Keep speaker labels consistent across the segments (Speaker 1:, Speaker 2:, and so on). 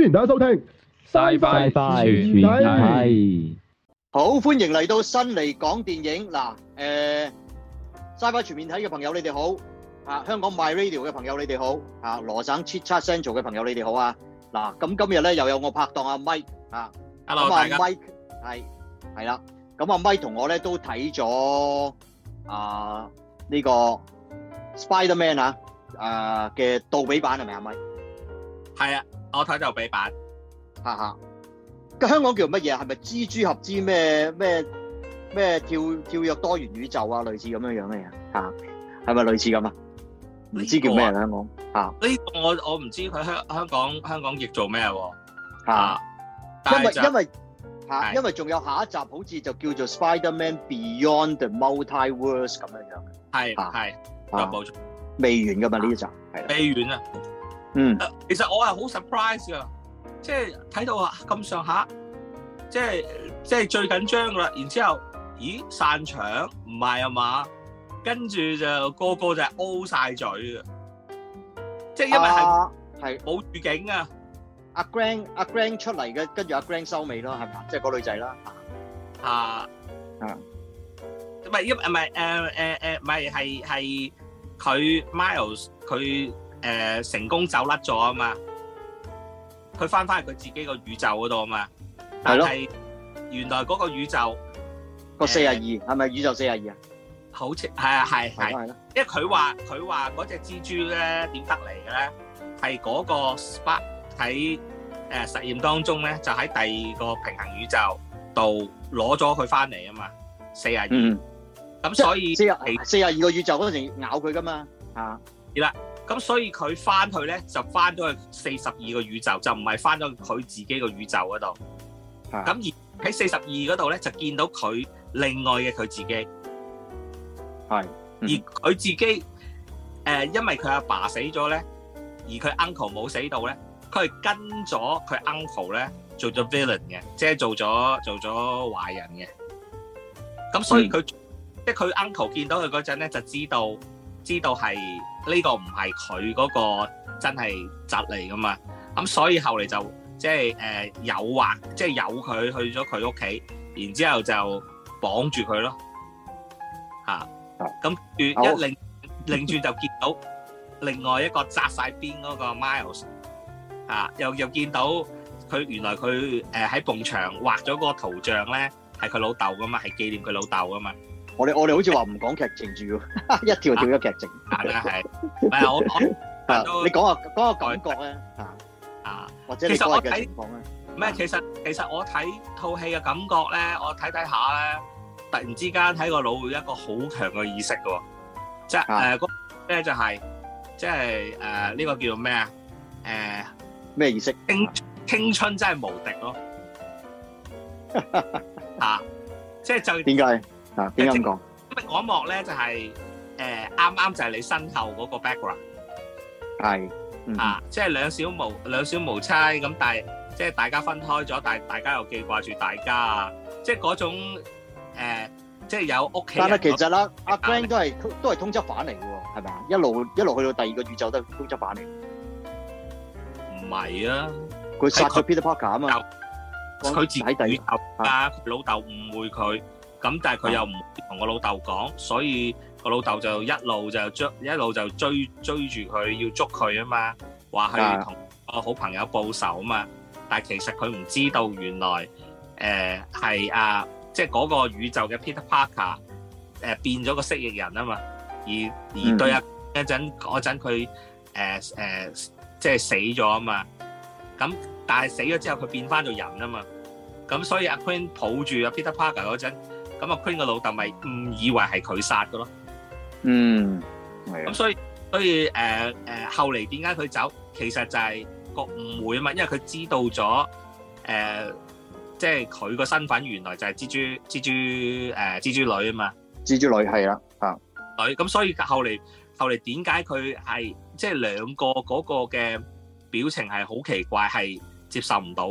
Speaker 1: 歡迎大家收聽《SciFi 全面
Speaker 2: 睇》，好歡迎嚟到新嚟講電影嗱，誒，SciFi 全面睇嘅朋友你哋好啊，香港 My Radio 嘅朋友你哋好啊，羅省 Chit Chat Central 嘅朋友你哋好啊，嗱，咁今日咧又有我拍檔阿 Mike 啊
Speaker 1: ，Hello 大家，
Speaker 2: 係係啦，咁阿 Mike 同我咧都睇咗啊呢個 Spider-Man 啊，誒嘅杜比版係咪阿 Mike？
Speaker 1: 係啊。我睇就俾版，吓、
Speaker 2: 啊、吓、啊，香港叫乜嘢？係咪蜘蛛俠之咩咩咩跳跳躍多元
Speaker 1: 宇宙啊？類似咁樣樣嘅嘢，
Speaker 2: 吓係咪類似咁、這個、啊？唔知叫咩人香港吓？呢、
Speaker 1: 啊這個我我唔知佢香香港香港譯做咩喎、啊？吓、啊啊，因為因為
Speaker 2: 吓，因為仲有下一集，好似就叫做 Spider-Man Beyond the
Speaker 1: Multi-verse 咁樣樣。係係
Speaker 2: 有補未完噶嘛呢一集？未
Speaker 1: 完啊！嗯，誒，其實我係好 surprise 嘅，即係睇到咁上下，即係即係最緊張噶啦，然之後，咦，散場唔係啊嘛，跟住就個個就係 O 曬嘴嘅，即係因為係係冇預警啊，
Speaker 2: 阿 Grant 阿 Grant 出嚟嘅，跟住阿 Grant 收尾咯，係咪啊？即係嗰女仔啦，啊
Speaker 1: 啊，唔係一唔係誒誒誒，唔係係係佢 Miles 佢。誒、呃，成功走甩咗啊嘛，佢翻翻去佢自己個宇宙嗰度啊嘛，但係原來嗰個宇宙
Speaker 2: 個四十二係咪宇宙四十二啊？
Speaker 1: 好似係啊，係係，因為佢話佢話嗰隻蜘蛛咧點得嚟嘅咧？係嗰個 Spot 喺誒、呃、實驗當中咧，就喺第二個平行宇宙度攞咗佢翻嚟啊嘛，四十二，咁、嗯、所以四十、四十二個宇宙嗰陣咬佢噶嘛，啊啦，咁所以佢翻去咧就翻咗去四十二個宇宙，就唔係翻咗佢自己個宇宙嗰度。咁而喺四十二嗰度咧就見到佢另外嘅佢自己。係，而佢自己誒，因為佢阿爸死咗咧，而佢 uncle 冇死到咧，佢係跟咗佢 uncle 咧做咗 villain 嘅，即係做咗做咗壞人嘅。咁所以佢即係佢 uncle 見到佢嗰陣咧就知道。知道係呢個唔係佢嗰個真係質嚟噶嘛，咁所以後嚟就即係誒誘惑，即係誘佢去咗佢屋企，然之後就綁住佢咯嚇。咁轉一擰擰轉就見到另外一個扎曬邊嗰個 Miles 嚇，又又見到佢原來佢誒喺埲牆畫咗個圖像咧，係佢老豆噶嘛，係紀念佢老豆噶嘛。
Speaker 2: 我哋我哋好似話唔講劇情住，一條條一個劇情、啊。係、啊、係，唔係我我你
Speaker 1: 講下講下感覺咧啊啊，啊或者！其實我睇，唔、啊、係其實其實我睇套戲嘅感覺咧，我睇睇下咧，突然之間喺個腦會一個好強嘅意識嘅，即係誒嗰就係即係誒呢個叫做咩啊？誒咩意識？青春青春真係無敵咯！啊，即 係、啊、就點、是、解？邊一幕？咁啊幕咧，就係誒，啱啱就係你身後嗰個 background。係。啊，即係兩小無兩小無猜咁，但係即係大家分開咗，但大家又記掛住大家啊！即係嗰種誒，即係有屋企。翻得其
Speaker 2: 實啦，阿 Gwen 都係都係通緝犯嚟嘅喎，係咪啊？一路一路去到第二個宇宙都係通緝犯嚟。
Speaker 1: 唔係啊！佢殺咗 Peter Parker 啊嘛！佢自己宇宙啊，老豆誤會佢。咁但係佢又唔同個老豆講，所以個老豆就一路就追一路就追追住佢要捉佢啊嘛，話係同個好朋友報仇啊嘛。但係其實佢唔知道原來誒係、呃、啊，即係嗰個宇宙嘅 Peter Parker 誒、呃、變咗個蜥蜴人啊嘛。而而對啊，一陣嗰陣佢誒即係死咗啊嘛。咁但係死咗之後佢變翻做人啊嘛。咁所以阿 Queen 抱住阿 Peter Parker 嗰陣。咁阿 Queen 個老豆咪誤以為係佢殺㗎咯。嗯，係。咁所以所以誒誒、呃、後嚟點解佢走？其實就係個誤會啊嘛，因為佢知道咗誒，即係佢個身份原來就係蜘蛛蜘蛛、呃、蜘蛛女啊嘛。蜘蛛
Speaker 2: 女係啦，嚇
Speaker 1: 女。咁所以後嚟後嚟點解佢係即係兩個嗰個嘅表情係好奇怪，係接受唔到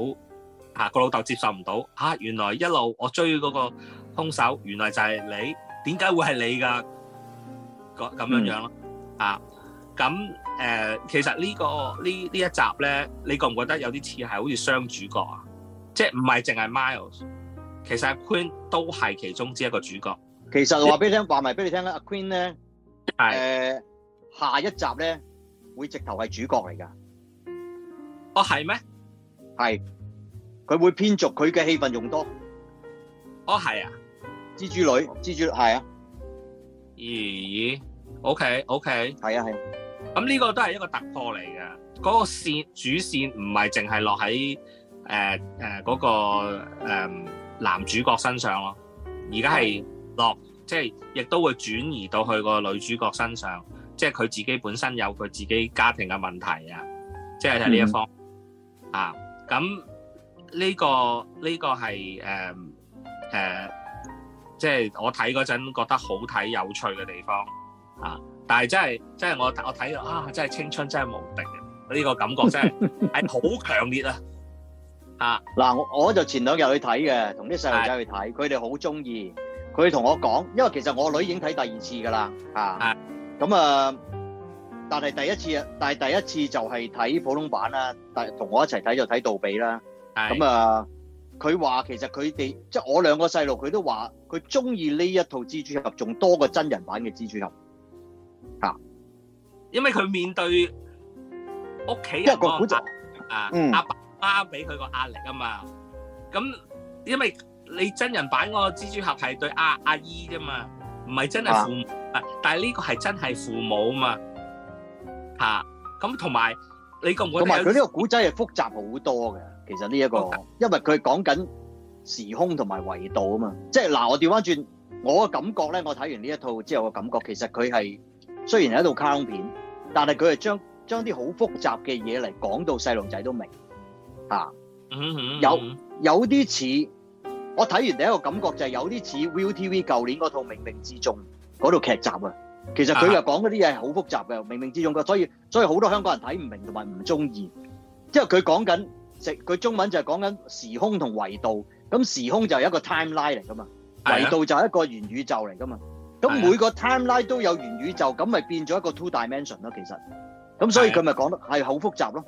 Speaker 1: 嚇個老豆接受唔到、啊、原來一路我追嗰、那個。凶手原來就係你，點解會係你噶？咁咁樣樣咯、嗯，啊，咁誒、呃，其實呢、呢個呢呢一集咧，你覺唔覺得有啲似係好似雙主角啊？即係唔係淨係 Miles，其實 Queen 都係其中之一個主角。其實話俾你
Speaker 2: 聽，話埋俾你聽啦，阿 Queen 咧，
Speaker 1: 誒、啊呃、
Speaker 2: 下一集咧會直頭係主角嚟噶。哦係咩？係，佢會偏俗，佢嘅戲份用多。
Speaker 1: 哦係啊。蜘蛛女，蜘蛛係啊，咦、嗯、？OK OK，係啊係，咁呢個都係一個突破嚟嘅。嗰、那個線主線唔係淨係落喺誒誒嗰個誒、呃、男主角身上咯，而家係落即係亦都會轉移到去個女主角身上，即係佢自己本身有佢自己家庭嘅問題、就是嗯、啊，即係喺呢一方啊。咁、這、呢個呢個係誒誒。呃呃即、就、係、是、我睇嗰陣覺得好睇有趣嘅地方，吓！但係真係，真係我我睇啊，真係青春真係無敵嘅呢個感覺真係係好強烈啊！吓嗱，我我
Speaker 2: 就前兩日去睇嘅，同啲細路仔去睇，佢哋好中意。佢同我講，因為其實我女已經睇第二次噶啦，吓咁啊！但係第一次啊，但係第一次就係睇普通版啦，但係同我一齊睇就睇杜比啦，咁啊。佢話其實佢哋即係我兩個細路，佢都話佢中意呢一套蜘蛛俠仲多過真人版嘅蜘蛛俠嚇、
Speaker 1: 啊，因為佢面對屋企一個阿、嗯啊、爸阿爸媽俾佢個壓力啊嘛，咁因為你真人版嗰個蜘蛛俠係對阿阿姨啫嘛，唔係真係父母啊，但係呢個係真係父母嘛啊嘛嚇，咁同埋你覺唔覺得佢呢個
Speaker 2: 古仔係複雜好多嘅？其實呢、這、一個，okay. 因為佢講緊時空同埋維度啊嘛，即係嗱，我調翻轉，我嘅感覺咧，我睇完呢一套之後嘅感覺，其實佢係雖然係一套卡通片，但係佢係將將啲好複雜嘅嘢嚟講到細路仔都明嚇。嗯、啊、嗯、mm-hmm.，有有啲似我睇完第一個感覺就係有啲似 ViuTV 舊年嗰套《冥冥之中》嗰套劇集啊。其實佢又講嗰啲嘢係好複雜嘅，《冥冥之中》嘅，所以所以好多香港人睇唔明同埋唔中意，因為佢講緊。佢中文就係講緊時空同維度，咁時空就係一個 timeline 嚟噶嘛，維、啊、度就係一個元宇宙嚟噶嘛，咁每個 timeline 都有元宇宙，咁咪、啊、變咗一個 two dimension 咯，其實，咁所以佢咪講得係好複雜咯，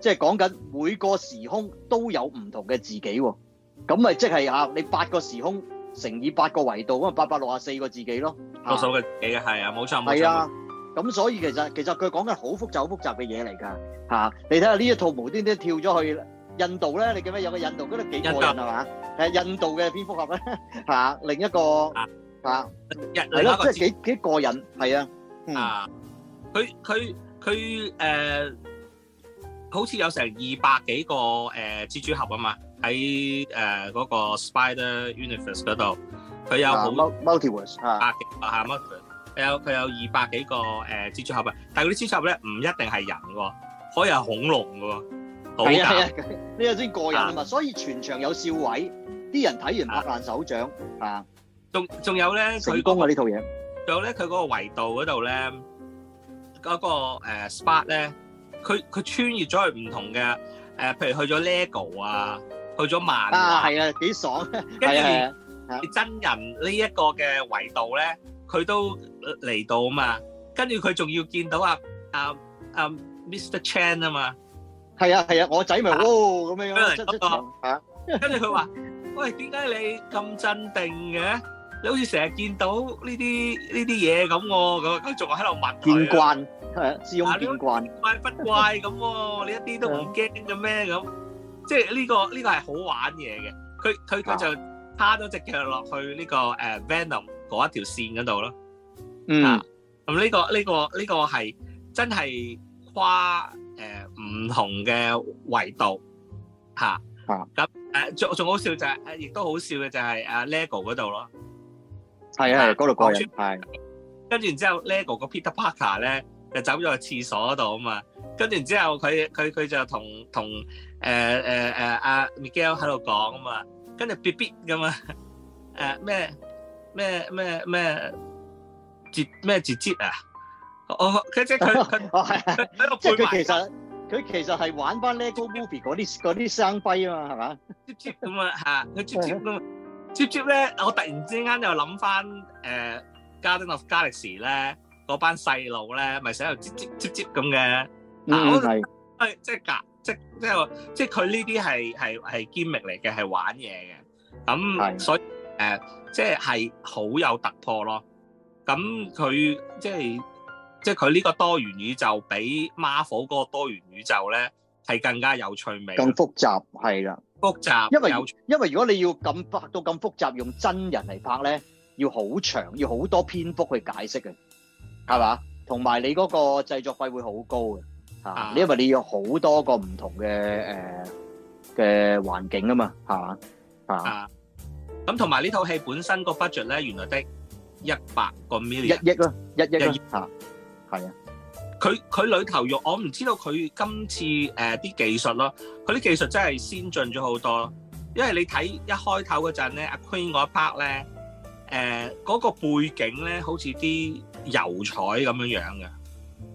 Speaker 2: 即係講緊每個時空都有唔同嘅自己喎，咁咪即係嚇你八個時空乘以八個維度咁啊，八百六十四個自己咯，
Speaker 1: 多數嘅幾個啊，係啊，冇錯冇錯，係啊，
Speaker 2: 咁所以其實其實佢講緊好複雜好複雜嘅嘢嚟㗎嚇，你睇下呢一套無端端跳咗去。印度咧，你記唔記得有個印度嗰度幾過癮係嘛？係印度嘅蝙蝠俠咧、啊，另一個係啊，係咯，即係幾幾過癮。係啊，啊，
Speaker 1: 佢佢佢誒，好似有成二百幾個誒、呃、蜘蛛俠啊嘛，喺誒嗰個 Spider Universe 嗰度，佢有好、啊、Multiverse、啊、百 Multiple，佢有佢有二百幾個誒、呃、蜘蛛俠啊，但係啲蜘蛛俠咧唔一定係人喎，可以係恐龍噶喎。
Speaker 2: 係啊，呢個先過癮啊嘛！所以全場有笑位，啲人睇完拍爛手掌啊！仲
Speaker 1: 仲有咧，成功啊呢套嘢！仲有咧，佢嗰個維度嗰度咧，嗰個誒 spot 咧，佢佢穿越咗去唔同嘅誒，譬如去咗 Lego 啊，去咗漫啊，
Speaker 2: 係啊，幾爽！跟
Speaker 1: 住真人呢一個嘅維度咧，佢都嚟到啊嘛！跟住佢仲要見到阿阿阿 Mr. Chan 啊嘛！係啊係啊，我仔咪、就是啊、哦咁樣出出場嚇，跟住佢話：喂，點解你咁鎮定嘅？你好似成日見到呢啲呢啲嘢咁喎。佢仲喺度問佢。見慣係啊，熒熒見慣，啊、怪不怪咁喎？ 你一啲都唔驚嘅咩咁？即係呢個呢、這個係好玩嘢嘅。佢佢佢就趴咗隻腳落去呢、這個誒、uh, Venom 嗰一條線嗰度咯。嗯。咁、啊、呢、這個呢、這個呢、這個係真係跨。誒唔同嘅維度嚇，咁誒仲仲好笑就係，亦都好笑嘅就係阿 Lego 嗰度咯，
Speaker 2: 係啊嗰度講嘢，
Speaker 1: 跟住然之後 Lego 個 Peter Parker 咧就走咗去廁所嗰度啊嘛，跟住然之後佢佢佢就同同誒誒誒阿 Miguel 喺度講啊嘛，跟住 BB 咁啊，誒咩咩咩咩截咩截截啊！我即係佢，哦係，即係佢其
Speaker 2: 實佢其實係玩翻《LEGO Movie》嗰啲嗰啲聲輝啊嘛，係嘛？接接咁啊吓，
Speaker 1: 佢接接咁，接接咧，我突然之間又諗翻誒，《Guardians of Galaxy》咧嗰班細路咧，咪成日接接接接咁嘅，嗱即係夾即即係即係佢呢啲係係係 gameplay 嚟嘅，係玩嘢嘅，咁所以誒即係係好有突破咯，咁佢即係。即係佢呢個多元宇宙比 Marvel 嗰個多元宇宙咧係更加有趣味，更複
Speaker 2: 雜係啦，
Speaker 1: 複雜。因為有
Speaker 2: 因為如果你要咁拍到咁複雜，用真人嚟拍咧，要好長，要好多篇幅去解釋嘅，係嘛？同埋你嗰個製作費會好高嘅，嚇，因為你要好多個唔同嘅誒嘅環境啊嘛，係嘛，
Speaker 1: 係嘛。咁同埋呢套戲本身個 budget 咧，原來的一百個 million，一
Speaker 2: 億咯，一億咯。一億
Speaker 1: 係啊，佢佢裏頭用我唔知道佢今次誒啲、呃、技術咯，佢啲技術真係先進咗好多。因為你睇一開頭嗰陣咧，阿、mm. Queen 嗰一 part 咧，誒、呃、嗰、嗰個背景咧好似啲油彩咁樣樣嘅。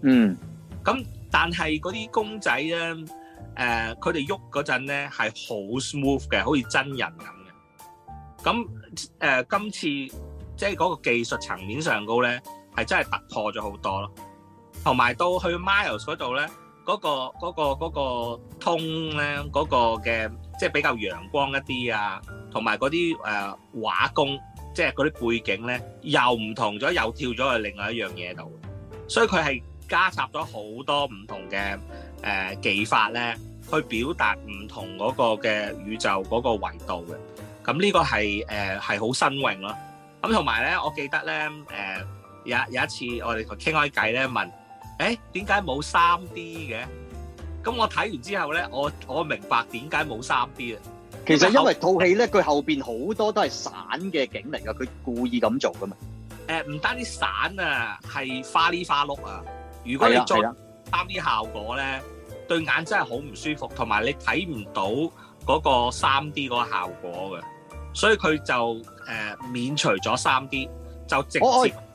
Speaker 1: 嗯、mm.。咁但係嗰啲公仔咧，誒佢哋喐嗰陣咧係好 smooth 嘅，好似真人咁嘅。咁誒、呃，今次即係嗰個技術層面上高咧。係真係突破咗好多咯，同埋到去 Miles 嗰度咧，嗰個嗰個嗰個通咧，嗰個嘅即係比較陽光一啲啊，同埋嗰啲誒畫工，即係嗰啲背景咧又唔同咗，又跳咗去另外一樣嘢度，所以佢係加插咗好多唔同嘅誒、呃、技法咧，去表達唔同嗰個嘅宇宙嗰個維度嘅。咁呢個係誒係好新穎咯。咁同埋咧，我記得咧誒。呃有有一次，我哋同傾開計咧，問，誒點解冇三 D 嘅？咁我睇完之後咧，我我明白點解冇三 D 啦。
Speaker 2: 其實因為套戲咧，佢後邊好多都係散嘅景嚟噶，佢故意咁做噶嘛。
Speaker 1: 誒唔單止散啊，係花哩花碌啊。如果你做三 D 效果咧，對眼真係好唔舒服，同埋你睇唔到嗰個三 D 嗰個效果嘅，所以佢就、呃、免除咗三 D，就直接。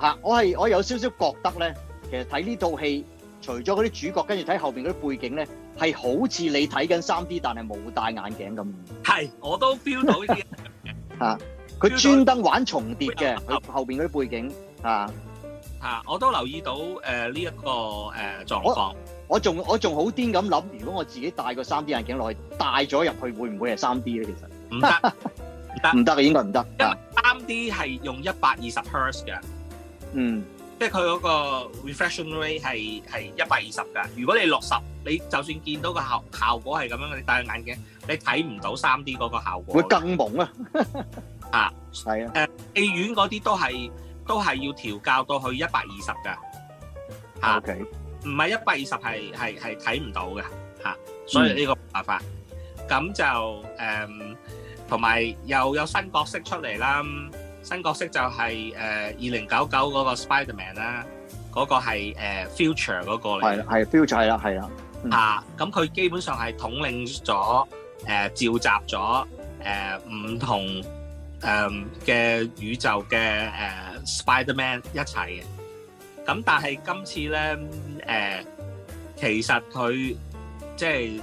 Speaker 2: 嚇！我係我有少少覺得咧，其實睇呢套戲，除咗嗰啲主角，跟住睇後邊嗰啲背景咧，係好似你睇緊三 D，但係冇戴眼鏡咁。
Speaker 1: 係，我都 feel 到呢啲。
Speaker 2: 嚇、 啊！佢專登玩重疊嘅，後邊嗰啲背景。嚇、啊！
Speaker 1: 嚇、啊！我都留意到誒呢一個誒狀況。我
Speaker 2: 仲我仲好癲咁諗，如果我自己戴個三 D 眼鏡落去，戴咗入去，會唔會係三 D 咧？其實唔得，唔得， 應該唔得。因為
Speaker 1: 三 D 係用一百二十 Hertz 嘅。嗯，即係佢嗰個 refresh rate 係係一百二十噶。如果你六十，你就算見到個效效果係咁樣，你戴眼鏡，你睇唔到三 D 嗰個效果。會
Speaker 2: 更矇啊！
Speaker 1: 啊，係啊。誒、啊，戲院嗰啲都係都係要調校到去一百二十噶。O、啊、K。唔係一百二十係係係睇唔到噶吓、啊嗯，所以呢個辦法。咁就誒，同、嗯、埋又有新角色出嚟啦。新角色就係誒二零九九嗰個 Spider-Man 啦，嗰個係 future 嗰個嚟。係啦，
Speaker 2: 係 future 係啦，係啦。
Speaker 1: 啊，咁、那、佢、個呃啊嗯啊、基本上係統領咗誒、呃、召集咗誒唔同誒嘅、呃、宇宙嘅誒、呃、Spider-Man 一齊嘅。咁但係今次咧誒、呃，其實佢即係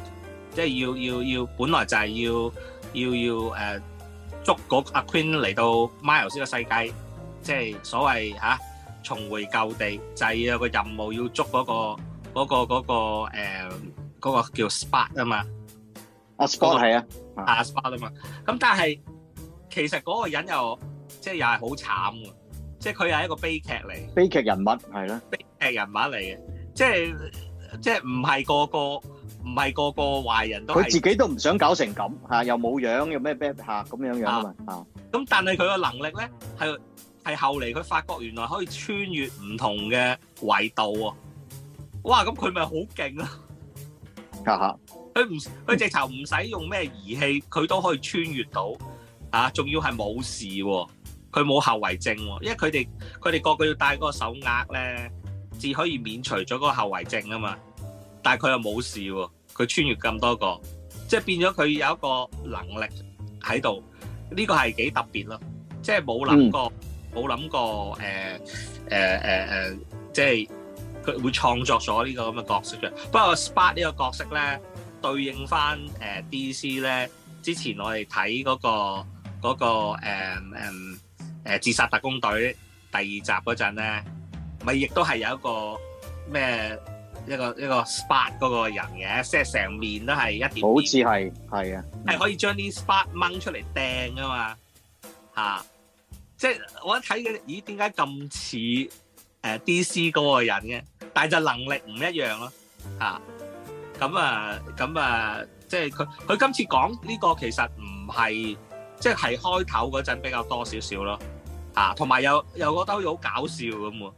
Speaker 1: 即係要要要，本來就係要要要誒。呃捉嗰阿 Queen 嚟到 Miles 呢個世界，即係所謂吓重回舊地，就係有個任務要捉嗰個嗰個嗰個誒嗰個叫 Spot 啊嘛，啊 Spot 係啊，啊 Spot 啊嘛，咁但係其實嗰個人又即係又係好慘嘅，即係佢係一個悲劇嚟，
Speaker 2: 悲劇人物係啦，
Speaker 1: 悲劇人物嚟嘅，即係即係唔係個個。唔係個個壞人都係，佢自
Speaker 2: 己都唔想搞成咁吓，又冇樣又咩 back 咁樣樣啊嘛
Speaker 1: 咁、啊、但係佢個能力咧，係係後嚟，佢發覺原來可以穿越唔同嘅維度啊！哇，咁佢咪好勁咯？
Speaker 2: 吓、啊，
Speaker 1: 佢唔佢直頭唔使用咩儀器，佢都可以穿越到啊！仲要係冇事，佢冇後遺症，因為佢哋佢哋個個要戴個手額咧，至可以免除咗個後遺症啊嘛。但係佢又冇事。佢穿越咁多個，即係變咗佢有一個能力喺度，呢、呢個係幾特別咯。即係冇諗過，冇、嗯、諗過誒誒誒誒，即係佢會創作咗呢個咁嘅角色嘅。不過 SPAT 呢個角色咧，對應翻誒 DC 咧，之前我哋睇嗰個嗰、嗰個誒、呃呃、自殺特工隊第二集嗰陣咧，咪亦都係有一個咩？一個一個 spot 嗰個人嘅，即係成面都係一點，點的，好
Speaker 2: 似係係啊，
Speaker 1: 係可以將啲 spot 掹出嚟掟噶嘛吓、啊，即係我一睇嘅，咦點解咁似誒 DC 嗰個人嘅？但係就能力唔一樣咯吓，咁啊咁啊，啊，啊，啊，即係佢佢今次講呢個其實唔係，即係係開頭嗰陣比較多少少咯吓，同埋又又覺得好搞笑咁喎，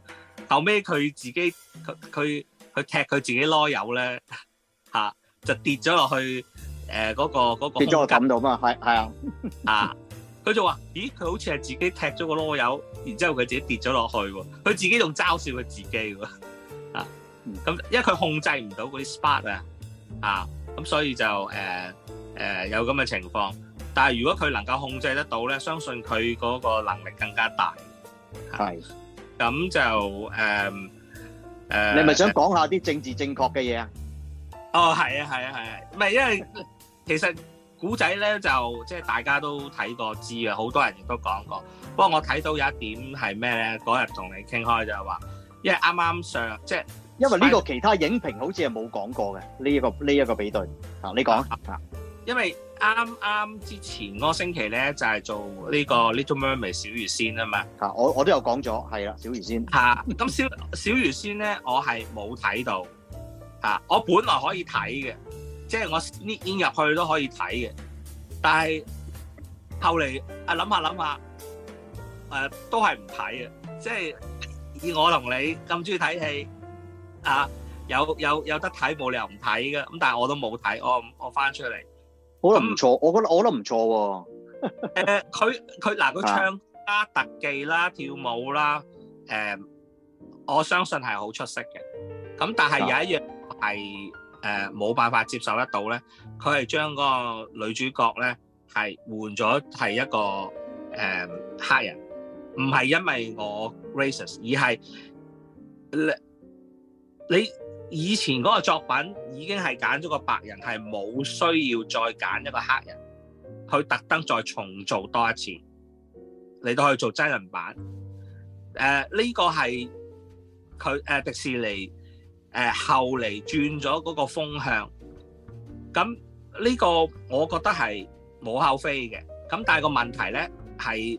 Speaker 1: 後尾佢自己佢佢。佢佢佢踢佢自己囉柚咧，吓、啊，就跌咗落去，誒、呃、嗰、那個，那個、跌咗個空間
Speaker 2: 度嘛，係，係啊，
Speaker 1: 啊 佢就話，咦，佢好似係自己踢咗個囉柚，然之後佢自己跌咗落去喎，佢自己仲嘲笑佢自己喎，啊咁，因為佢控制唔到嗰啲 spot 啊，啊咁所以就誒誒、呃呃、有咁嘅情況，但係如果佢能夠控制得到咧，相信佢嗰個能力更加大。係、啊，咁就誒。呃你咪想
Speaker 2: 講下啲政治正確嘅嘢
Speaker 1: 啊？哦，係啊，係啊，係、啊，唔係因為其實古仔咧就即係大家都睇過知啊，好多人亦都講過。不過我睇到有一點係咩咧？嗰日同你傾開就係話，因為啱啱上即係、就是，
Speaker 2: 因為呢個其他影評好似係冇講過嘅呢一個呢一個比對說啊，你講啊。
Speaker 1: 因為啱啱之前嗰個星期咧，就係、是、做呢個 Little Mermaid 小魚仙啊嘛。嚇，我我都有講咗，係啦，小魚仙。嚇、 啊，咁小小魚仙咧，我係冇睇到。嚇、啊，我本來可以睇嘅，即係我呢 in 入去都可以睇嘅，但係後嚟啊諗下諗下，誒、啊、都係唔睇嘅。即係以我同你咁中意睇戲，啊有有有得睇，冇理由唔睇嘅。咁但係我都冇睇，我我翻出嚟。
Speaker 2: 我覺得唔錯，我覺得我覺得唔錯喎。
Speaker 1: 誒，佢佢嗱，佢唱啦、特技啦、跳舞啦，誒，我相信係好出色嘅。咁但係有一樣係誒冇辦法接受得到咧，佢係將嗰個女主角咧係換咗係一個誒黑人，唔係因為我 racist，而係你。以前嗰個作品已經係揀咗個白人，係冇需要再揀一個黑人，佢特登再重做多一次，你都可以做真人版。誒、呃、呢、這個係佢誒迪士尼誒、呃、後嚟轉咗嗰個風向，咁、呃、呢、這個我覺得係冇厚非嘅。咁、呃、但係個問題咧係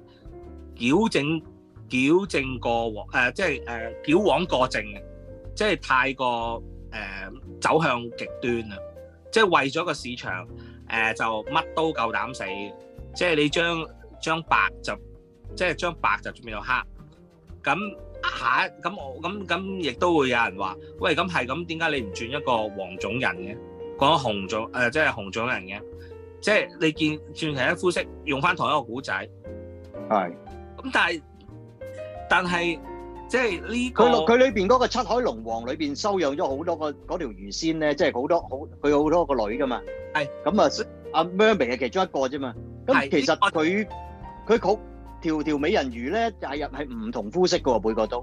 Speaker 1: 矯正矯正過往、呃、即係誒矯枉過正嘅。即係太過誒、呃、走向極端啦！即係為咗個市場誒、呃、就乜都夠膽死，即係你將將白就即係將白就轉變到黑。咁下一咁我咁咁亦都會有人話，喂，咁係咁點解你唔轉一個黃種人嘅？講紅種誒、呃，即係紅種人嘅。即係你見轉其一膚色，用翻同一個古仔。係。咁但係，但係。但即係呢個佢佢裏
Speaker 2: 邊嗰個七海龍王裏邊收養咗好多個嗰條魚仙咧，即係好多好佢有好多個女㗎嘛。係咁啊，阿 Mermaid 係其中一個啫嘛。咁其實佢佢曲條條美人魚咧，就入係唔同膚色㗎喎，每個都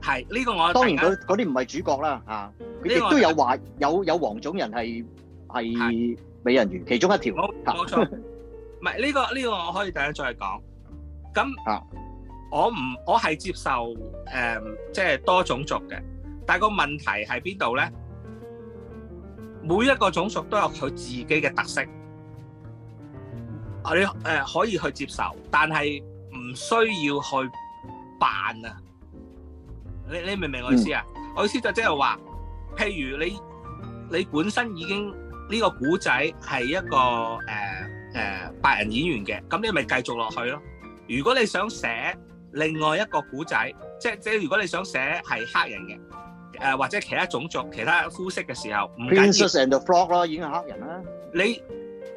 Speaker 1: 係呢個我當然嗰
Speaker 2: 嗰啲唔係主角啦嚇，
Speaker 1: 佢亦都有
Speaker 2: 話有有黃種人係係美人魚其中一條冇錯，唔
Speaker 1: 係呢個呢個我可以等下再講咁嚇。我唔，我係接受，誒、嗯，即係多種族嘅，但係個問題喺邊度咧？每一個種族都有佢自己嘅特色，你誒、呃、可以去接受，但係唔需要去扮啊！你你明唔明我意思啊、嗯？我意思就即係話，譬如你你本身已經呢、這個古仔係一個誒誒、呃呃、白人演員嘅，咁你咪繼續落去咯。如果你想寫，另外一個古仔，即即如果你想寫係黑人嘅，誒或者其他種族、其他膚色嘅時候，唔緊要，Princess
Speaker 2: and the Frog 咯，已經係黑人啦。
Speaker 1: 你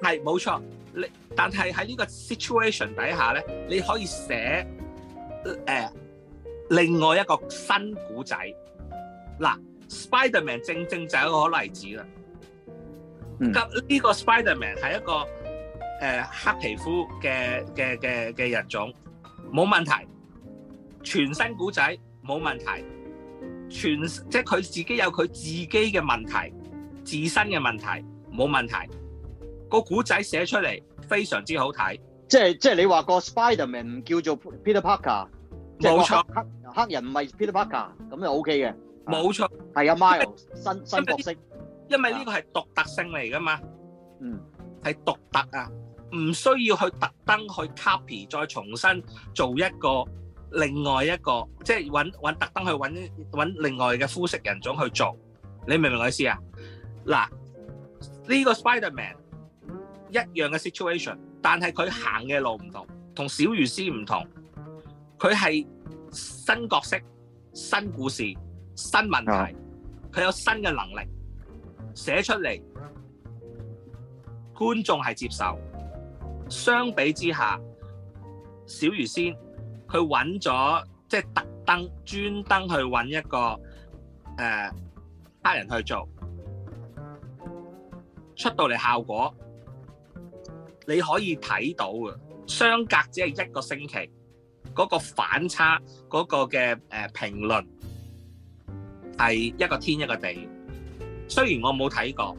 Speaker 1: 係冇錯，你但係喺呢個 situation 底下咧，你可以寫誒另外一個新古仔。嗱，Spiderman 正正就係一個例子啦。咁呢個 Spiderman 係一個誒黑皮膚嘅嘅嘅嘅人種，冇問題。全新古仔冇問題，全即係佢自己有佢自己嘅問題，自身嘅問題冇問題。個古仔寫出嚟非常之好睇，
Speaker 2: 即係即係你話個 Spiderman 唔叫做 Peter Parker，冇錯，是黑黑人唔係 Peter Parker，咁就 OK 嘅，冇錯，係阿 Miles 新新角色，
Speaker 1: 因為呢個係獨特性嚟噶嘛，嗯，係獨特啊，唔需要去特登去 copy 再重新做一個。另外一個即係揾揾特登去揾揾另外嘅膚色人種去做，你明唔明我意思啊？嗱，呢個 Spider-Man 一樣嘅 situation，但係佢行嘅路唔同，同小魚仙唔同。佢係新角色、新故事、新問題，佢有新嘅能力寫出嚟，觀眾係接受。相比之下，小魚仙。佢揾咗即係特登、專登去揾一個誒他、呃、人去做，出到嚟效果你可以睇到嘅，相隔只係一個星期，嗰、那個反差嗰、那個嘅誒、呃、評論係一個天一個地。雖然我冇睇過，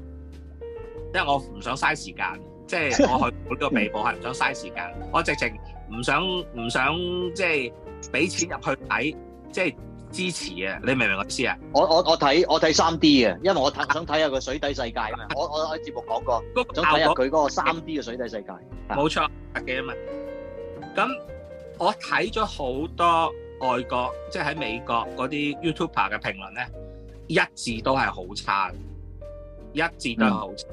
Speaker 1: 因為我唔想嘥時間，即、就、係、是、我去揾個微博係唔想嘥時間，我直情。唔想唔想即係俾錢入去睇，即係支持啊！你明唔明我意思啊？
Speaker 2: 我我睇我睇我睇 3D 嘅，
Speaker 1: 因為我睇 想睇下個水底世界啊嘛！
Speaker 2: 我我喺節目講過，想睇下佢嗰個 3D 嘅水底世界。
Speaker 1: 冇 沒錯，百幾啊蚊。咁我睇咗好多外國，即係喺美國嗰啲 YouTuber 嘅評論咧，一致都係好差，一致都係好差。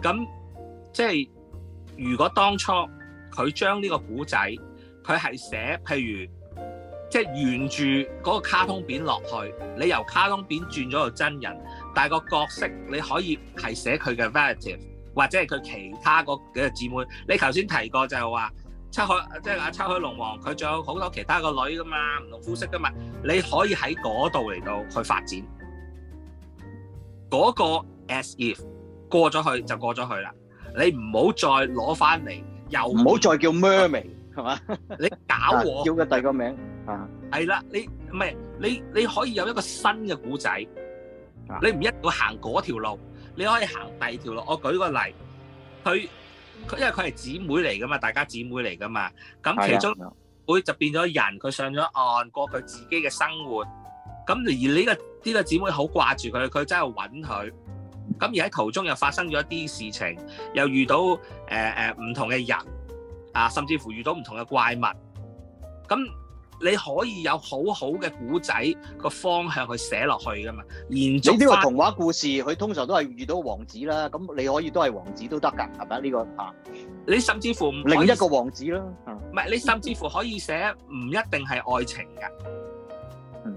Speaker 1: 咁、嗯、即係如果當初。佢將呢個古仔，佢係寫，譬如即係、就是、沿住嗰個卡通片落去，你由卡通片轉咗個真人，但係個角色你可以係寫佢嘅 relative，或者係佢其他個嘅姊妹。你頭先提過就係話七海，即係阿七海龍王，佢仲有好多其他個女噶嘛，唔同膚色噶嘛，你可以喺嗰度嚟到去發展。嗰、那個 as if 過咗去了就過咗去啦，你唔好再攞翻嚟。又唔好再叫 Mermy，係嘛？你搞我叫佢第二個名啊！係啦，你唔係你你可以有一個新嘅故仔，你唔一定要行嗰條路，你可以行第二條路。我舉個例，佢佢因為佢係姊妹嚟㗎嘛，大家姊妹嚟㗎嘛，咁其中會就變咗人，佢上咗岸過佢自己嘅生活。咁而呢個呢個姊妹好掛住佢，佢真係揾佢。咁而喺途中又發生咗一啲事情，又遇到誒誒唔同嘅人啊，甚至乎遇到唔同嘅怪物。咁你可以有很好好嘅故仔個方向去寫落去噶嘛？延續。你呢個童話故
Speaker 2: 事，佢通常都係遇到王子啦。咁你可以都係王子都得㗎，係咪？呢、這個嚇、啊。你
Speaker 1: 甚至乎另一個
Speaker 2: 王子咯。
Speaker 1: 唔、嗯、係，你甚至乎可以寫唔一定係愛情㗎。嗯，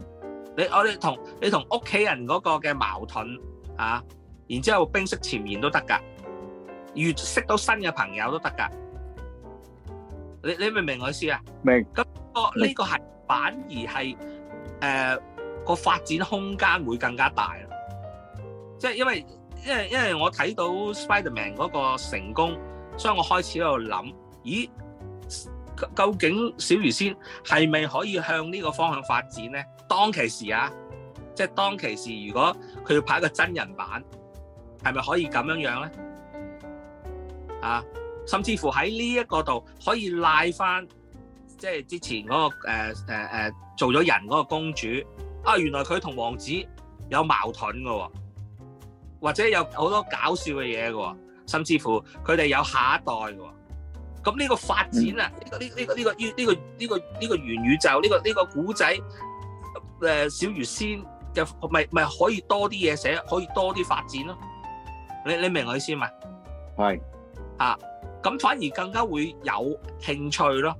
Speaker 1: 你我哋同你同屋企人嗰個嘅矛盾啊。然之後，冰釋前嫌都得噶，越識到新嘅朋友都得噶。你你明唔明我意思啊？明。咁呢個係反而係誒個發展空間會更加大啦。即係因為因為因為我睇到 Spiderman 嗰個成功，所以我開始喺度諗：咦，究竟小魚仙係咪可以向呢個方向發展咧？當其時啊，即係當其時，如果佢要拍一個真人版。係咪可以咁樣樣咧啊？甚至乎喺呢一個度可以賴翻，即係之前嗰個誒誒誒做咗人嗰個公主啊。原來佢同王子有矛盾嘅，或者有好多搞笑嘅嘢嘅。甚至乎佢哋有下一代嘅。咁呢個發展啊，呢個呢呢個呢個呢個呢個呢個呢個元宇宙呢個呢個古仔誒小魚仙，又唔係可以多啲嘢寫，可以多啲發展咯。你你明我意思嘛？係啊，咁反而更加會有興趣咯，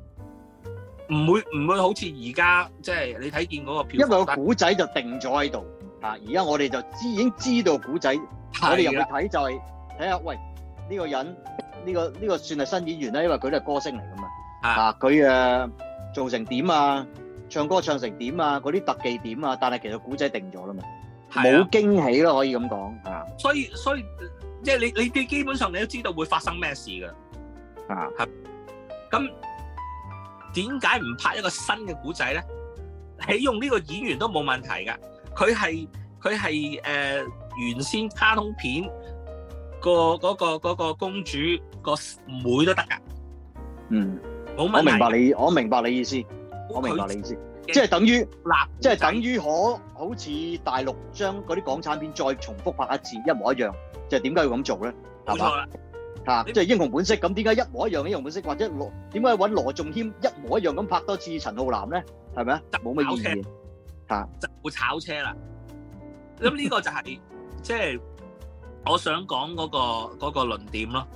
Speaker 1: 唔會唔會好似而家即係你睇見嗰個票，因為個故仔就定咗喺度啊！而家我哋就知已經知
Speaker 2: 道故仔，我哋入去睇就係睇下喂呢個人呢個呢個算係新演員咧，因為佢都係歌星嚟噶嘛啊！佢誒做成點啊，唱歌唱成點啊，嗰啲特技點啊，但係其實故仔定咗啦嘛，冇驚喜咯，可以咁講。
Speaker 1: 所以所以，即係你你基本上你都知道會發生咩事噶，啊，係，咁點解唔拍一個新嘅古仔咧？起用呢個演員都冇問題噶，佢係佢係誒原先卡通片、個、嗰個、嗰個公主、個妹都得噶，嗯，
Speaker 2: 冇問題。我明白你，我明白你意思，我明白你意思。即係等於嗱，即係等於可好似大陸將嗰啲港產片再重複拍一次一模一樣，就係點解要咁做咧？冇錯啦，嚇！即係英雄本色，咁點解一模一樣英雄本色，或者羅點解揾羅仲謙一模一樣咁拍多次陳浩南咧？係咪啊？冇咩意義就
Speaker 1: 會炒車啦！咁呢個就係即係我想講嗰個嗰個論點咯，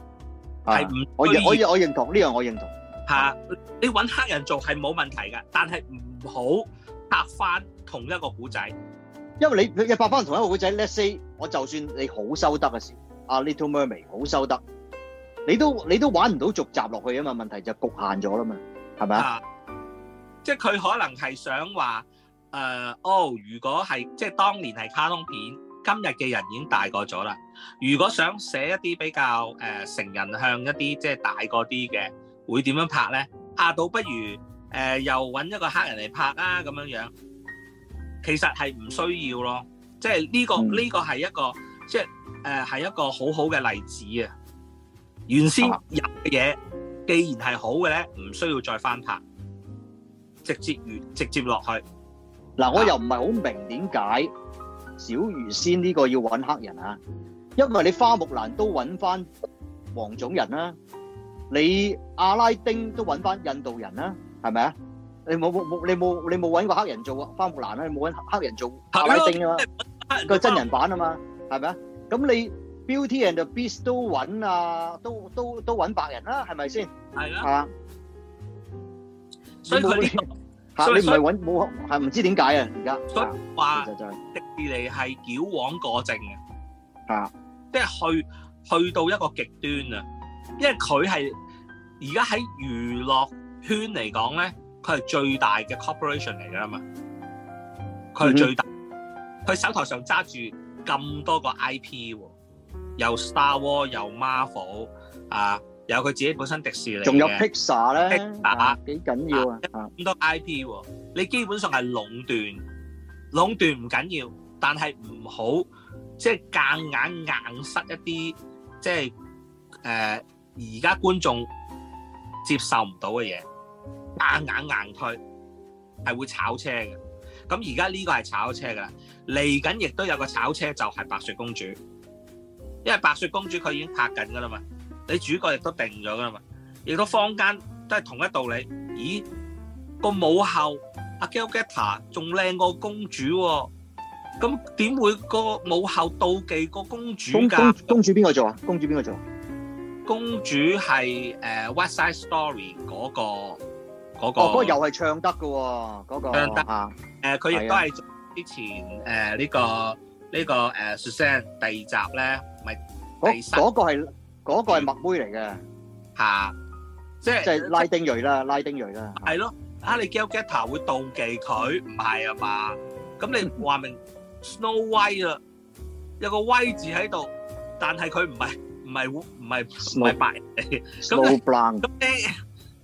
Speaker 1: 係唔、啊、我認我認
Speaker 2: 我認同呢樣、這個、我認同
Speaker 1: 嚇、啊。你揾黑人做係冇問題嘅，但係唔。好拍翻同一個古仔，
Speaker 2: 因為你你拍翻同一個古仔，let's say 我就算你好收得嘅時，啊 Little Mermaid 好收得，你都你都玩唔到續集落去啊嘛，問題就局限咗啦嘛，係咪啊？
Speaker 1: 即係佢可能係想話誒、呃，哦，如果係即係當年係卡通片，今日嘅人已經大個咗啦。如果想寫一啲比較誒、呃、成人向一啲即係大個啲嘅，會點樣拍咧？啊，倒不如。誒、呃、又揾一個黑人嚟拍啦、啊，咁樣樣其實係唔需要咯，即係呢、呢個呢個係一個即係誒係一個很好好嘅例子啊。原先入嘅嘢，既然係好嘅咧，唔需要再翻拍，直接完直接落
Speaker 2: 去嗱、啊。我又唔係好明點解小魚仙呢個要揾黑人啊？因為你花木蘭都揾翻黃種人啦、啊，你阿拉丁都揾翻印度人啦、啊。係咪啊？你冇冇冇？你冇你冇揾過黑人做啊？花木蘭你冇揾黑人做阿拉丁啊嘛？個真人版啊嘛，係咪啊？咁你 Beauty and Beast 都揾啊，都都都揾白人啦，係咪先？係啦。吓，
Speaker 1: 所以佢、這個 這個、 你唔係
Speaker 2: 揾冇吓？唔知點解啊？而家，以就
Speaker 1: 以、是、話迪士尼係矯枉過正啊！吓，即係去去到一個極端啊！因為佢係而家喺娛樂圈嚟講咧，佢係最大嘅 corporation 嚟噶啦嘛，佢係最大，佢、嗯、手頭上揸住咁多個 IP 喎，又 Star War 又 Marvel 啊，有佢自己本身迪士尼的，仲有
Speaker 2: Pixar 咧，Pixar 幾緊要
Speaker 1: 啊？咁、啊、多 IP 喎，你基本上係壟斷，壟斷唔緊要，但係唔好即係硬硬硬塞一啲即係誒而家觀眾接受唔到嘅嘢。硬硬硬推係會炒車嘅。咁而家呢個係炒車噶啦，嚟緊亦都有個炒車就係白雪公主。因為白雪公主佢已經拍緊噶啦嘛，你主角亦都定咗噶啦嘛，亦都坊間都係同一道理。咦，個母后阿 Gal Gadot 仲靚過公主，咁點會個母后妒忌個公主？公，
Speaker 2: 公主邊個做啊？公主邊個做啊？
Speaker 1: 公主係誒、呃《West Side Story》嗰個。嗰個，哦，嗰個又係唱得嘅喎，嗰個。唱得，誒，佢亦都係之前誒呢個呢個誒《Shoes》聲第二集咧，唔係嗰嗰個係嗰
Speaker 2: 個係麥妹嚟嘅
Speaker 1: 嚇，即係拉丁
Speaker 2: 裔啦，拉丁裔啦。
Speaker 1: 係咯，啊，你《Kill Getter》會妒忌佢，唔係啊嘛？咁你話明《Snow White》啦，有個威字喺度，但係佢唔係唔係唔係唔係白，咁你咁你。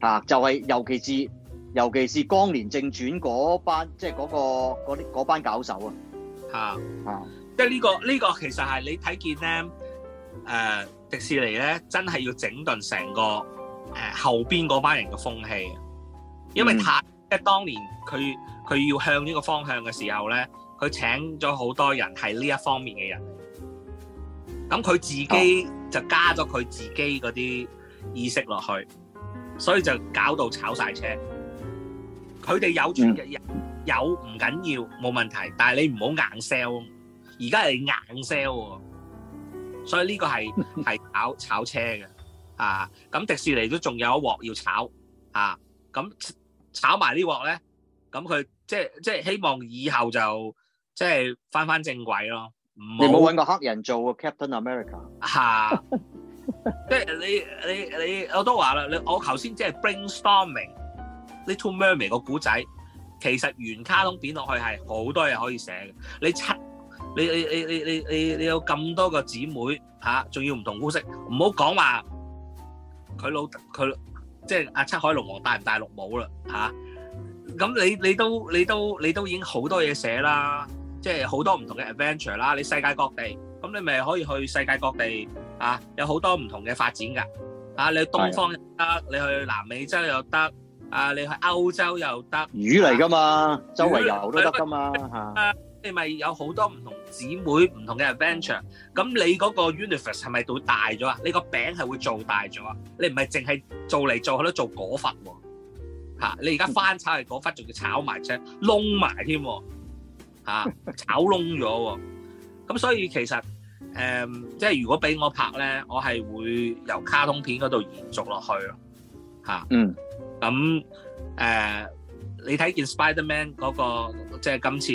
Speaker 2: 啊！就係尤其是尤其是光年正傳嗰班，即係嗰個嗰啲班搞手啊！
Speaker 1: 啊啊！即係呢個呢、這個其實係你睇見咧，誒、呃，迪士尼咧真係要整頓成個誒、呃、後邊嗰班人嘅風氣，因為太即係當年佢佢要向呢個方向嘅時候咧，佢請咗好多人係呢一方面嘅人，咁佢自己就加咗佢自己嗰啲意識落去。所以就搞到炒曬車，佢哋有錢有唔緊要冇問題，但係你唔好硬 sell，而家係硬 sell，所以呢個係係炒炒車嘅啊！咁迪士尼都仲有一鑊要炒啊！咁炒埋呢鑊咧，咁佢即係即係希望以後就即係翻翻正軌咯，唔好揾個黑人做 Captain America 嚇。即係你你你我都話啦，你我頭先即係 brainstorming《Little Mermaid》個故仔，其實原卡通片落去係好多嘢可以寫嘅。你七，你你你你你你你有咁多個姊妹吓，仲要唔同膚色，唔好講話佢老佢即係阿七海龍王戴唔戴綠帽啦，咁你你都你都你都已經好多嘢寫啦，即係好多唔同嘅 adventure 啦，你世界各地。咁你咪可以去世界各地啊，有好多唔同嘅發展噶。啊，你去東方得，你去南美洲又得，啊，你去歐洲又得。
Speaker 2: 魚嚟噶嘛，周圍遊都得噶
Speaker 1: 嘛嚇。誒，你咪有好多唔同姊妹、唔同嘅 adventure。咁你嗰個 universe 係咪會大咗啊？你個餅係會做大咗啊？你唔係淨係做嚟做去都做果忽喎。嚇！你而家翻炒係果忽仲要炒埋啫，燶埋添。嚇！炒燶咗喎。咁所以其實誒、呃，即係如果俾我拍咧，我係會由卡通片嗰度延續落去咯，嚇、啊。嗯。咁誒、呃，你睇見 Spider-Man 嗰、那個，即係今次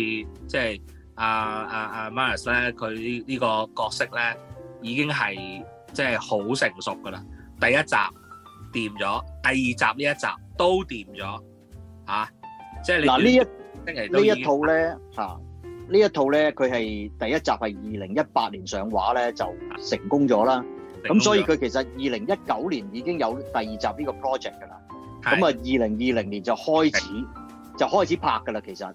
Speaker 1: 即係阿阿阿 Mars 咧，佢、啊啊啊、呢呢個角色咧，已經係即係好成熟噶啦。第一集掂咗，第二集呢一集都掂咗，嚇、啊。即係你嗱呢一星期呢一套
Speaker 2: 咧嚇。呢一套咧，佢係第一集係二零一八年上畫咧，就成功咗啦。咁所以佢其實二零一九年已經有第二集呢個 project 噶啦。咁啊，二零二零年就開始就開始拍噶啦。其實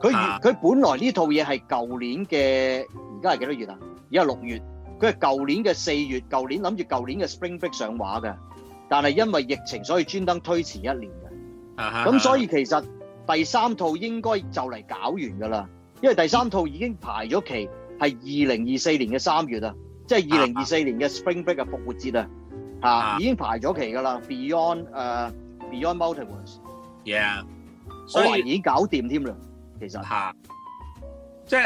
Speaker 2: 佢佢本來呢套嘢係舊年嘅，而家係幾多月啊？而家六月，佢係舊年嘅四月，舊年諗住舊年嘅 Spring Break 上畫嘅，但係因為疫情，所以專登推遲一年嘅。
Speaker 1: 咁所以
Speaker 2: 其實第三套應該就嚟搞完噶啦。因為第三套已經排咗期是2024年的3月了，係二零二四年嘅三月啊，即係二零二四年嘅 Spring Break 嘅復活節啊，嚇已經排咗期㗎啦。Beyond 誒，Beyond Multiverse，yeah，所以已經搞掂添啦。其實嚇，
Speaker 1: 即係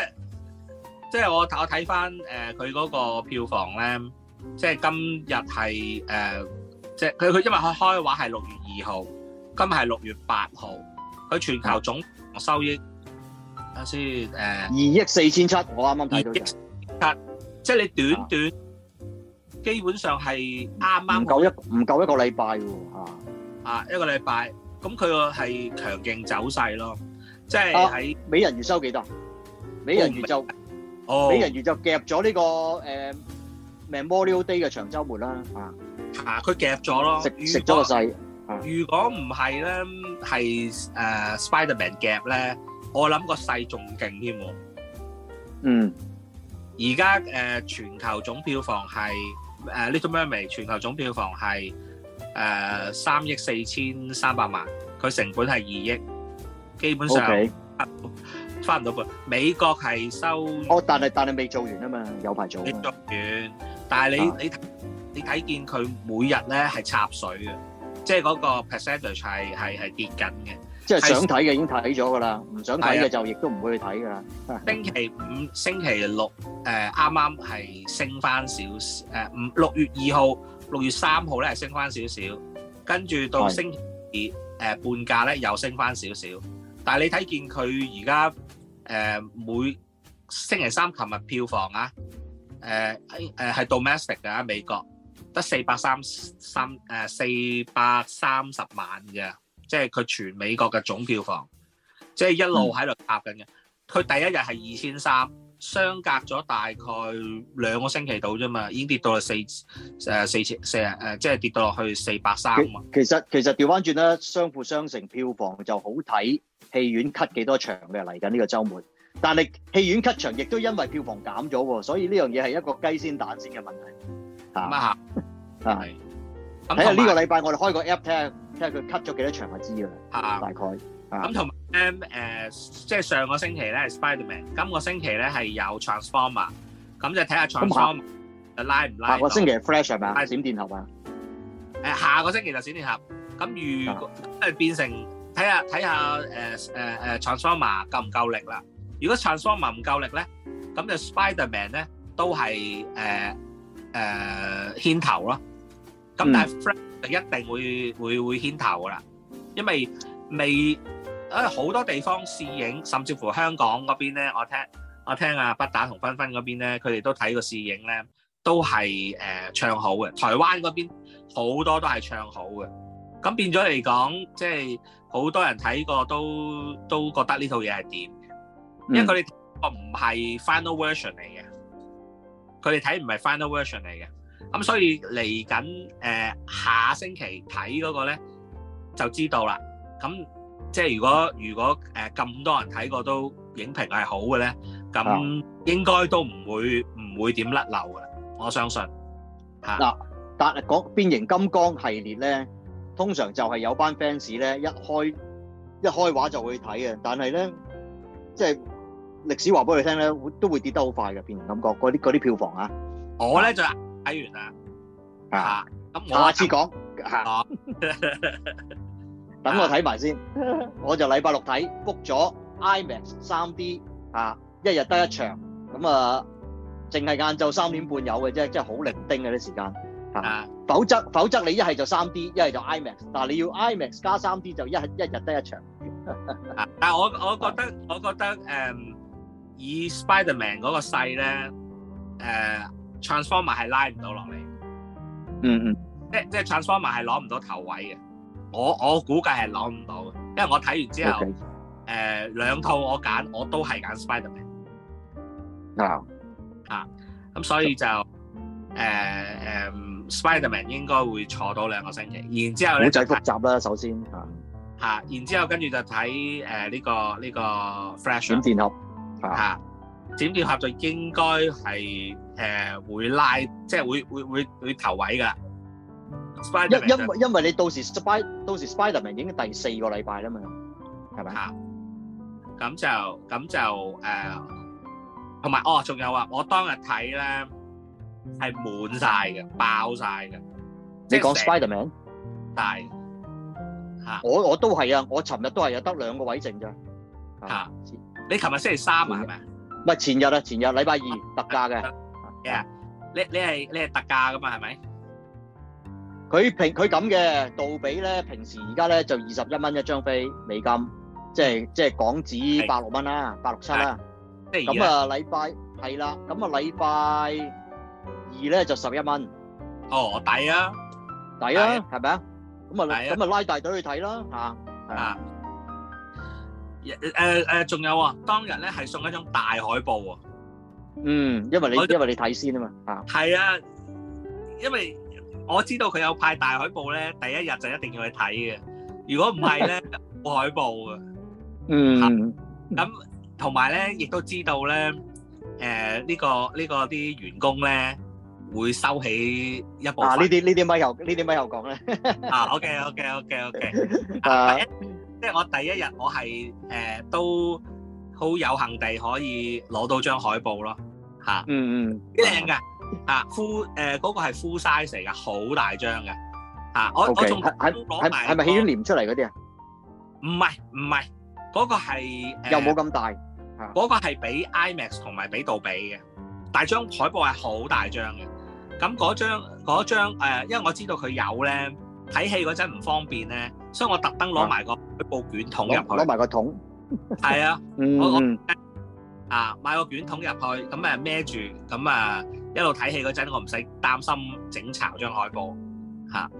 Speaker 1: 即係我我睇返誒佢嗰個票房咧，即係今日係誒、呃，即係佢佢因為佢開畫係六月二號，今天是6日係六月八號，佢全球總收益、嗯。睇下
Speaker 2: 先，誒二億四千七，我啱啱睇到二億
Speaker 1: 七，即係你短短基本上係啱啱，唔夠一唔夠一個禮拜喎，啊啊一個禮拜，咁佢個係強勁走勢咯，即係喺美人魚收幾多？美人魚就
Speaker 2: 哦，美人魚就夾咗呢個誒
Speaker 1: Memorial Day 嘅長週末啦，啊，啊，佢夾咗咯，食食咗個勢。如果唔係咧，係誒 Spider-Man 夾咧。我諗個勢仲勁添喎。嗯。而家誒全球總票房係 Little 誒 Mermaid？全球總票房係誒三億四千三百萬，佢成本係二億，基本上翻唔到本。美國係收。哦，但係但係未做完啊嘛，有排做。未做完，但係你你你睇見佢每日咧係插水嘅，即係嗰個 percentage 係係係跌緊嘅。即係想睇嘅已經睇咗噶啦，唔想睇嘅就亦都唔會去睇噶啦。 星期五、星期六誒啱啱係升翻少誒，呃、六月二號、六月三號咧係升翻少少，跟住到星期二誒、呃、半價咧又升翻少少。但係你睇見佢而家誒每星期三琴日票房啊誒係 domestic 㗎，美國得四百三三誒四百三十萬嘅。即係佢全美國嘅總票房，即係一路喺度爬緊嘅。佢第一日係二千三，相隔咗大概兩個星期到啫嘛，已經跌到係四誒四千四啊誒，即係跌到落去四百三啊嘛。
Speaker 2: 其實其實調翻轉啦，相輔相成，票房就好睇戲院 cut 幾多場嘅，嚟緊呢個週末。但係戲院 cut 場亦都因為票房減咗喎，所以呢樣嘢係一個雞先蛋先
Speaker 1: 嘅問題嚇。啊，咁
Speaker 2: 啊，呢個禮拜我哋開個 app 聽。即
Speaker 1: 係佢 cut 咗幾多場我知噶啦，大概。咁同埋咧，誒，即係上個星期咧係 Spiderman，今個星期咧係有 Transformer，咁就睇下 Transformer 拉唔拉。下個星期
Speaker 2: 係 Flash 係咪啊？係
Speaker 1: 閃電俠啊！誒，下個星期就閃電俠。咁如果誒變成睇下睇下誒誒誒 Transformer 夠唔夠力啦？如果 Transformer 唔夠力咧，咁就 Spiderman 咧都係誒誒牽頭咯。
Speaker 2: 咁但係
Speaker 1: Flash。就一定會會會牽頭噶啦，因為未啊好多地方試影，甚至乎香港嗰邊咧，我聽我聽啊，不打同分分嗰邊咧，佢哋都睇過試影咧，都係誒、呃、唱好嘅。台灣嗰邊好多都係唱好嘅，咁變咗嚟講，即係好多人睇過都都覺得呢套嘢係掂，因為佢哋睇過唔係 final version 嚟嘅，佢哋睇唔係 final version 嚟嘅。咁所以嚟緊誒下星期睇嗰個咧，就知道啦。咁即係如果如果誒咁多人睇過都影評係好嘅咧，咁應該都唔會唔會點甩漏噶啦。我相信吓嗱，
Speaker 2: 但係講變形金剛系列咧，通常就係有班 fans 咧一開一開話就會睇嘅。但係咧，即係歷史話俾佢聽咧，會都會跌得好快噶。變形金剛嗰啲嗰啲票房啊，我咧就。
Speaker 1: 睇
Speaker 2: 完
Speaker 1: 啦，啊！咁我下次講，
Speaker 2: 等我睇埋先，我就禮拜六睇，book 咗 IMAX 三 D 啊，一日得一場，咁啊，淨係晏晝三點半有嘅啫，即係好零丁嘅啲時間，啊！否則否則你一係就三 D，一係就 IMAX，但係你要 IMAX 加三 D 就一一日得一場，
Speaker 1: 但係我我覺得我覺得誒以 Spiderman 嗰個勢咧誒。Transformer 係拉唔到落嚟，嗯嗯，即即 Transformer 係攞唔到頭位嘅，我我估計係攞唔到，因為我睇完之後，誒、okay. 呃、兩套我揀我都係揀 Spiderman，啊、嗯、啊，
Speaker 2: 咁所以
Speaker 1: 就誒誒、呃嗯、Spiderman 應該會坐到兩個星期，然之後咧，再
Speaker 2: 仔複雜啦，首先嚇，
Speaker 1: 嚇、嗯啊，然之後跟住就睇誒呢個呢、這個 Flashion 轉蜘蛛俠就應該係會拉，即係會會會會頭位㗎。Spider-Man，因，
Speaker 2: 因為你到時 Spider 到時 Spider-Man 已經第四個禮拜啦嘛。係咪啊？
Speaker 1: 咁就咁就，同埋哦，仲有啊。我當日睇呢係滿晒嘅，爆晒嘅。你講 Spider-Man？但係吓，
Speaker 2: 我我都係啊！我尋日都係有得兩個位剩咋
Speaker 1: 吓。你琴日星期三啊？係咪啊？
Speaker 2: 唔係前日啊，前日禮拜二特價嘅。
Speaker 1: yeah，你你係你係特價噶嘛，係咪？
Speaker 2: 佢平佢咁嘅，杜比咧平時而家咧就二十一蚊一張飛美金，即係即係港紙百六蚊啦，百六七啦。
Speaker 1: 咁啊禮
Speaker 2: 拜係啦，咁啊禮拜二咧就十一蚊。
Speaker 1: 哦，抵啊，
Speaker 2: 抵啊，係咪啊？咁啊咁啊拉大隊去睇啦，嚇，係啦。
Speaker 1: 誒誒，仲有啊！當日咧係送一種大海報喎。嗯，
Speaker 2: 因為你因
Speaker 1: 為你睇先啊嘛，啊。係啊，因為我知道佢有派大海報咧，第一日就一定要去睇嘅。如果唔係咧，冇海報嘅。嗯。咁同埋咧，亦都知道咧，誒呢個呢個啲員工咧會收起一部份。啊，呢啲呢啲咪又呢啲咪又講咧。啊，OK OK OK OK。啊。即係我第一日，我係誒都好有幸地可以攞到張海報咯，吓，嗯嗯，幾靚噶，啊 full 誒嗰個係 full size 嚟噶，好大張嘅，吓我我仲攞埋係咪戲
Speaker 2: 院連出嚟嗰啲啊？
Speaker 1: 唔係唔係，嗰個係又冇咁大，嗰個係畀 IMAX 同埋畀杜比嘅大張海報係好大張嘅，咁嗰張嗰張誒，因為我知道佢有咧，睇戲嗰陣唔方便咧。所以我特登攞埋個海報卷筒入去，攞、啊、
Speaker 2: 埋個桶，係 啊，嗯，我我
Speaker 1: 啊買個卷筒入去，咁誒孭住，咁啊一路睇戲嗰陣，我唔使擔心整巢張海報嚇，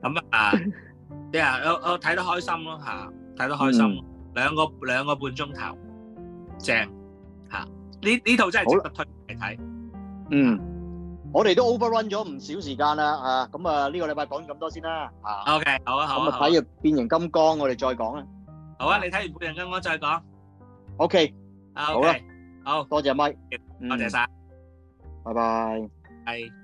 Speaker 1: 咁啊，啲、啊、人、 yeah, 我我睇得開心咯嚇，睇得開心，啊開心嗯、兩個兩個半鐘頭，正嚇，呢、啊、呢套真係值得推嚟睇、啊，嗯。我
Speaker 2: 哋都 overrun 咗唔少時間啦嚇，咁啊呢個禮拜講咗咁多先啦
Speaker 1: 嚇。OK，好啊好啊，咁啊睇完
Speaker 2: 變形金剛，我哋再講啦。
Speaker 1: 好啊，你睇完變形金剛再講。OK，好啦，好多謝麥，多謝晒，
Speaker 2: 拜拜。係。